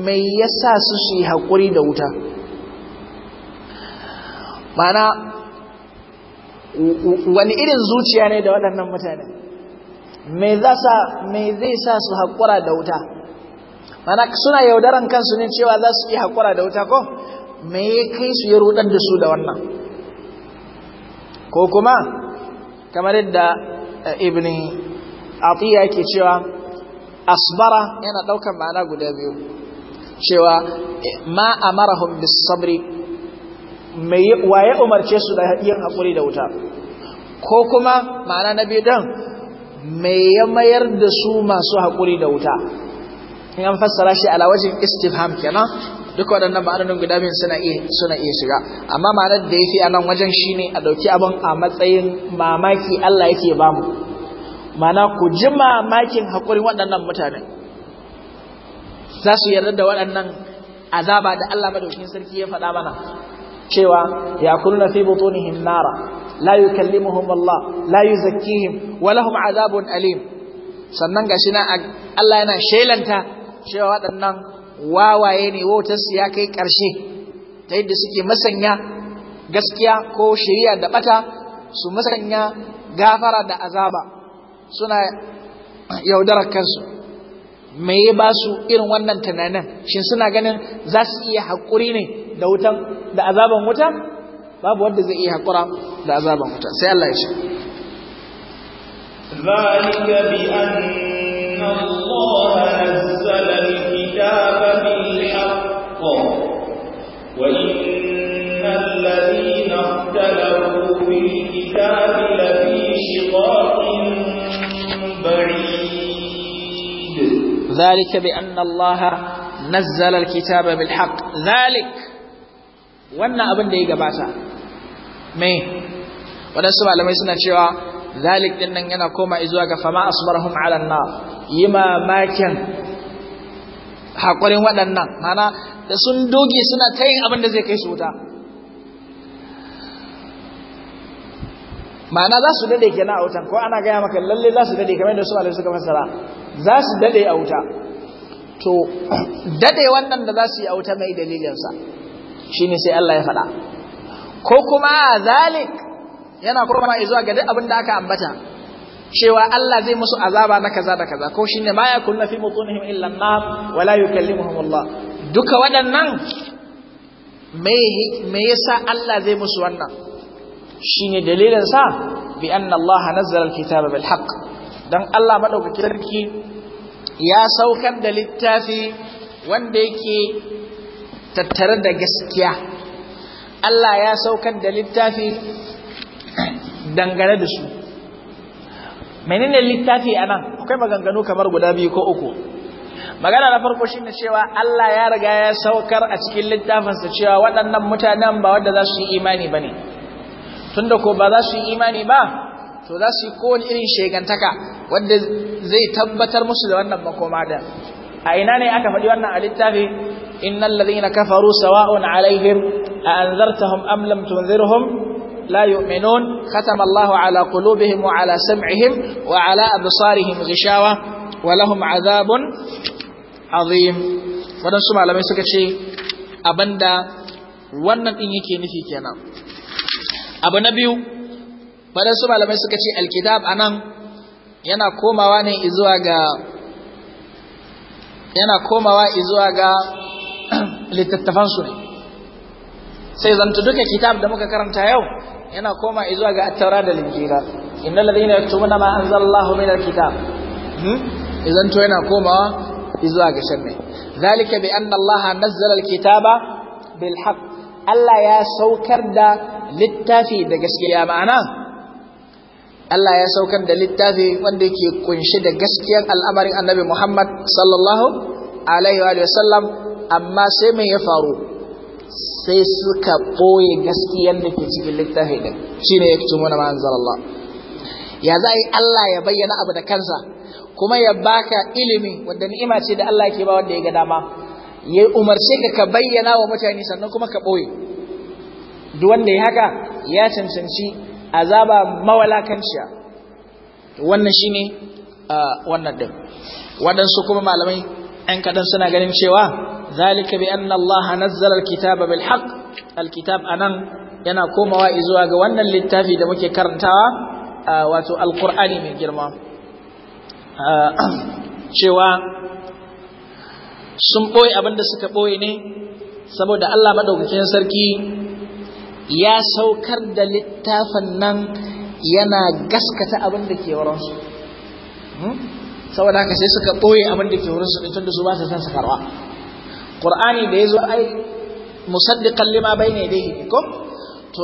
me yasa su su yi haƙuri da wuta ma'ana wani irin zuciya ne da waɗannan mutane me zai sa su haƙura da wuta mana suna yaudaran kansu ne cewa za su iya haƙura da wuta ko me ya kai su ya rudar da su da wannan ko kuma kamar yadda eh, ibn atiya ke cewa asbara yana ɗaukar ma'ana guda biyu cewa ma amarahum bis sabri ya umarce su da yin haƙuri da wuta ko kuma ma'ana na dan mai ya mayar da su masu haƙuri da wuta in an fassara shi ala wajen istifham kenan duk waɗannan ma'anonin guda biyu suna iya suna iya shiga amma ma'anar da yafi a nan wajen shine a ɗauki abin a matsayin mamaki Allah yake bamu ma'ana ku ji mamakin haƙurin waɗannan mutane, za su yarda da waɗannan azaba da Allah madaukin sarki ya faɗa mana cewa ya kullu fi butunihim nara la yukallimuhum Allah la yuzakkihim wa lahum azabun alim sannan gashi na Allah yana shelanta cewa waɗannan wawaye ne wautar su ya kai ƙarshe ta yadda suke masanya gaskiya ko shari'a da bata su masanya gafara da azaba suna yaudarar kansu me ya ba su irin wannan tunanin shin suna ganin za su iya haƙuri ne da wutan da azaban wuta babu wanda zai iya hakura da azaban wuta sai Allah ya ce ذلك بأن الله نزل الكتاب بالحق وإن الذين اختلفوا في الكتاب لفي شقاق بعيد ذلك بأن الله نزل الكتاب بالحق ذلك wannan abin da ya gabata mai waɗansu malamai suna cewa zalik ɗin nan yana koma izuwa ga fama asbarahum ala nar yi mamakin haƙurin waɗannan mana da sun doge suna ta yin abin da zai kai su wuta ma'ana za su daɗe kenan a wutan ko ana gaya maka lalle za su daɗe kamar da su malamai suka fassara za su daɗe a wuta to daɗe wannan da za su yi a wuta mai dalilinsa shine sai Allah ya faɗa ko kuma zalik yana kurma zuwa ga abin da aka ambata cewa Allah zai musu azaba na kaza da kaza ko shine ma ya kunna fi mutunihim illa nar wa yukallimuhum Allah duka waɗannan me me yasa Allah zai musu wannan shine dalilin sa bi anna Allah nazzala alkitaba bil haqq dan Allah madaukakin sarki ya saukar da littafi wanda yake tattare da gaskiya Allah ya saukar da littafi dangane da su menene littafi anan akwai maganganu kamar guda biyu ko uku magana na farko shine cewa Allah ya riga ya saukar a cikin littafinsa cewa waɗannan mutanen ba wanda za su yi imani bane tunda ko ba za su yi imani ba to za su yi kowane irin shegantaka wanda zai tabbatar musu da wannan makoma da a ina ne aka faɗi wannan a littafi innal ladhina kafaru sawa'un alaihim a anzartahum am lam tunzirhum la yu'minun khatama Allahu ala qulubihim wa ala sam'ihim wa ala absarihim ghishawa wa lahum adhabun azim wadansu abanda wannan din yake nufi kenan abu na biyu wadansu malamai suka ce alkitab anan yana komawa ne ga yana komawa zuwa ga littattafansu ne sai zanta duka kitab da muka karanta yau yana koma zuwa ga attaura da linjira innal ladina yaktumuna ma anzalallahu min alkitab idan hmm? to yana komawa zuwa ga sharri zalika bi anna allah nazzala alkitaba bil haqq allah ya saukar da littafi da gaskiya ma'ana Allah ya saukar da littafi wanda yake kunshi da gaskiyar al'amarin annabi Muhammad sallallahu alaihi wa sallam amma sai mai ya faru sai suka ɓoye gaskiyar da ke cikin littafin din shine ya fito mana Allah ya za a yi Allah ya bayyana abu da kansa kuma ya baka ilimi wanda ni'ima ce da Allah ke ba wanda ya ga dama ya umarce ka ka bayyana wa mutane sannan kuma ka ɓoye duk wanda ya haka ya cancanci azaba mawalakanciya wannan shine ah, wannan din waɗansu kuma malamai ‘yan kaɗan suna ganin cewa zalika bi anna allaha nazzala alkitaba bil haqq alkitab anan yana komawa izuwa ga wannan littafi da muke karantawa wato Alkur'ani mai girma cewa sun boye abinda suka ɓoye ne saboda Allah madaukakin sarki ya saukar da littafin nan yana gaskata abin da ke wurinsu saboda haka sai suka ɓoye abin da ke wurinsu ɗin tunda su ba su san su qur'ani da yazo ai musaddiqan lima bayna yadayhi ko to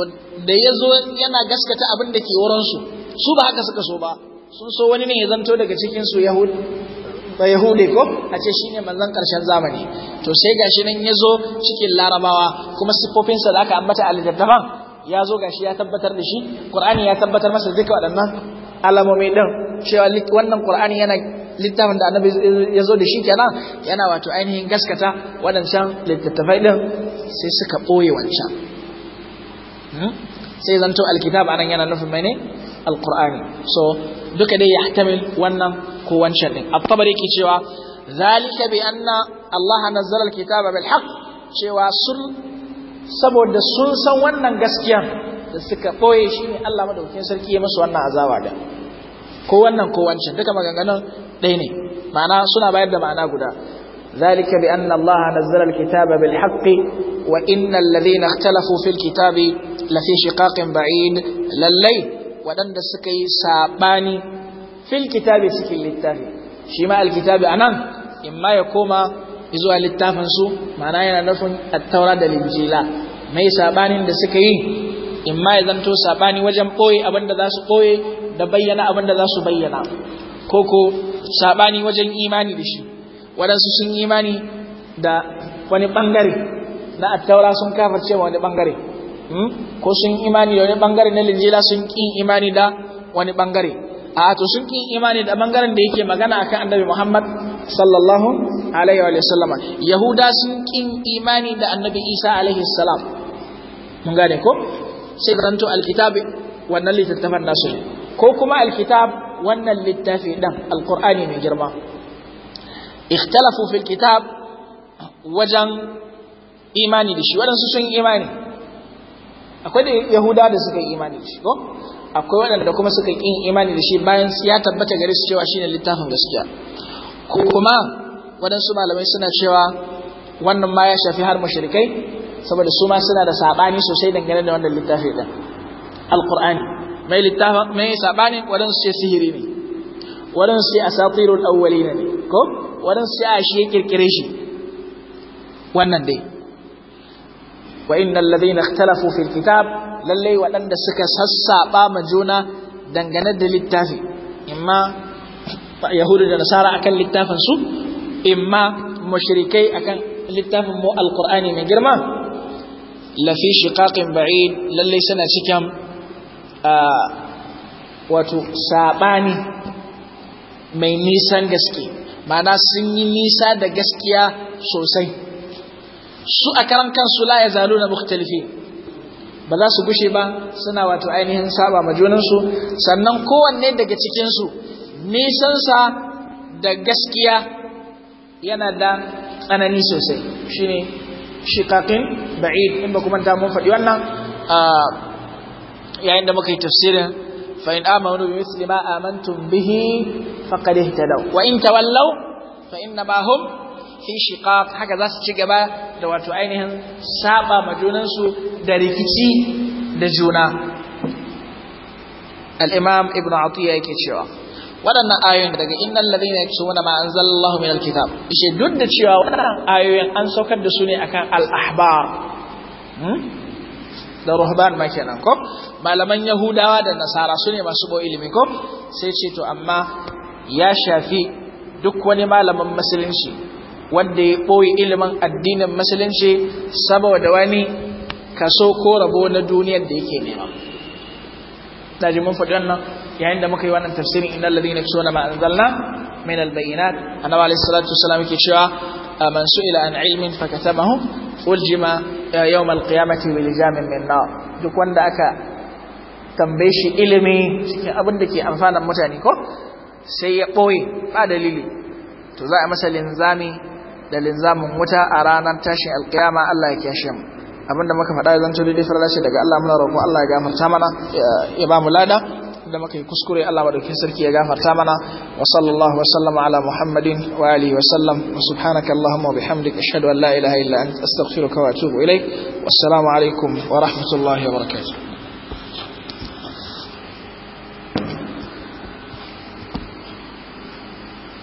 da yazo yana gaskata abin da ke wurin su su ba haka suka so ba sun so wani ne ya zanto daga cikin su yahudi ba yahudi ko a ce shine manzon karshen zamani to sai gashi nan yazo cikin larabawa kuma siffofinsa da aka ambata al-jaddaban ya gashi ya tabbatar da shi qur'ani ya tabbatar masa duka wadannan alamomi din cewa wannan qur'ani yana littafin da annabi ya zo da shi kenan yana wato ainihin gaskata waɗancan littattafai ɗin sai suka ɓoye wancan hmm? sai zanto alkitab anan yana nufin mai ne alqur'ani so duka dai ya yahtamil wannan ko wancan din at-tabari ke cewa zalika bi anna Allah nazzala alkitaba bil haqq cewa sun saboda sun san wannan gaskiyan da suka ɓoye shi ne Allah madaukakin sarki ya musu wannan azaba da ko wannan ko wancan duka maganganun ɗaya ne ma'ana suna bayar da ma'ana guda ذلك بأن الله نزل الكتاب بالحق وإن الذين اختلفوا في الكتاب لفي شقاق بعيد للي ودند سكي ساباني في الكتاب سكي للتافي شماء الكتاب أنام إما يقوم ma'ana yana nufin attaura da linjila mai sabanin da suka yi in ma ya zanto da bayyana bayyana koko sabani wajen imani da shi waɗansu sun imani da wani ɓangare na attaura sun kafa cewa wani ɓangare hmm? ko sun imani da wani ɓangare na linjila sun ƙin imani da wani ɓangare a to sun ƙin imani da ɓangaren da yake magana akan annabi muhammad sallallahu alaihi wa sallama yahuda sun ƙin imani da annabi isa alaihi salam mun gane ko sai zanto alkitab wannan littattafan nasu ko kuma alkitab wannan littafi ɗin Alƙur'ani mai girma ikhtalafu fil kitab wajen imani da shi waɗansu sun imani akwai da yahuda da suka yi imani da shi ko akwai waɗanda kuma suka yi imani da shi bayan ya tabbata gare su cewa shine littafin gaskiya kuma waɗansu malamai suna cewa wannan ma ya shafi har mushrikai saboda su ma suna da saɓani sosai dangane da wannan littafi ɗin Alƙur'ani. mai littafin mai sabanin waɗansu ce sihiri ne waɗansu ce asatirul awwalina ne ko waɗansu ce a shi ya kirkire shi wannan dai wa innal ladhina ikhtalafu fil kitab lalle waɗanda suka sassaba ma juna dangane da littafi imma yahudu da nasara akan littafin su imma mushrikai akan littafin mu alqur'ani mai girma lafi shiqaqin ba'id lalle suna cikin wato saɓani mai nisan gaske mana sun yi nisa da gaskiya sosai su a karan kansu la ya zalo na mukhtalifi ba za su gushe ba suna wato ainihin saba ma junansu sannan kowanne daga cikinsu nisansa da gaskiya yana da tsanani sosai shine shikakin ba'id in ba kuma ta mun faɗi wannan yayin da muka yi tafsirin fa in amanu bi misli ma amantum bihi faqad ihtadaw wa in tawallaw fa inna ma hum fi shiqaq haka za su ci gaba da wato ainihin saba ma junan su da rikici da juna al-imam ibnu atiya yake cewa waɗannan ayoyin daga innal ladina yaksumuna ma anzalallahu min kitab ishe duk da cewa waɗannan ayoyin an saukar da su ne akan al-ahbar hmm? da ruhban ma kenan ko malaman yahudawa da nasara su ne masu bo ilimi ko sai ce to amma ya shafi duk wani malamin musulunci wanda ya boye ilimin addinin musulunci saboda wani kaso ko rabo na duniyar da yake nema ta ji mun faɗi wannan yayin da muka yi wannan tafsirin innal ladina yakshuna ma anzalna min albayinat annabi alayhi salatu wassalam yake cewa man su'ila an ilmin fakatamahu uljima yawm alqiyamati bi lijamin min nar duk wanda aka tambaye shi ilimi cikin abin da ke amfanan mutane ko sai ya boye ba dalili to za a masa linzami da linzamin wuta a ranar tashin alqiyama Allah ya kiyashe mu abinda muka faɗa zan tudu dai farlashi daga Allah muna roƙo Allah ya gafarta mana ya ba mu lada da muka yi kuskure Allah madaukin sarki ya gafarta mana wa sallallahu wa sallama ala muhammadin wa alihi wa sallam wa subhanaka allahumma wa bihamdika ashhadu an la ilaha illa anta astaghfiruka wa atubu ilaik wassalamu alaikum wa rahmatullahi wa barakatuh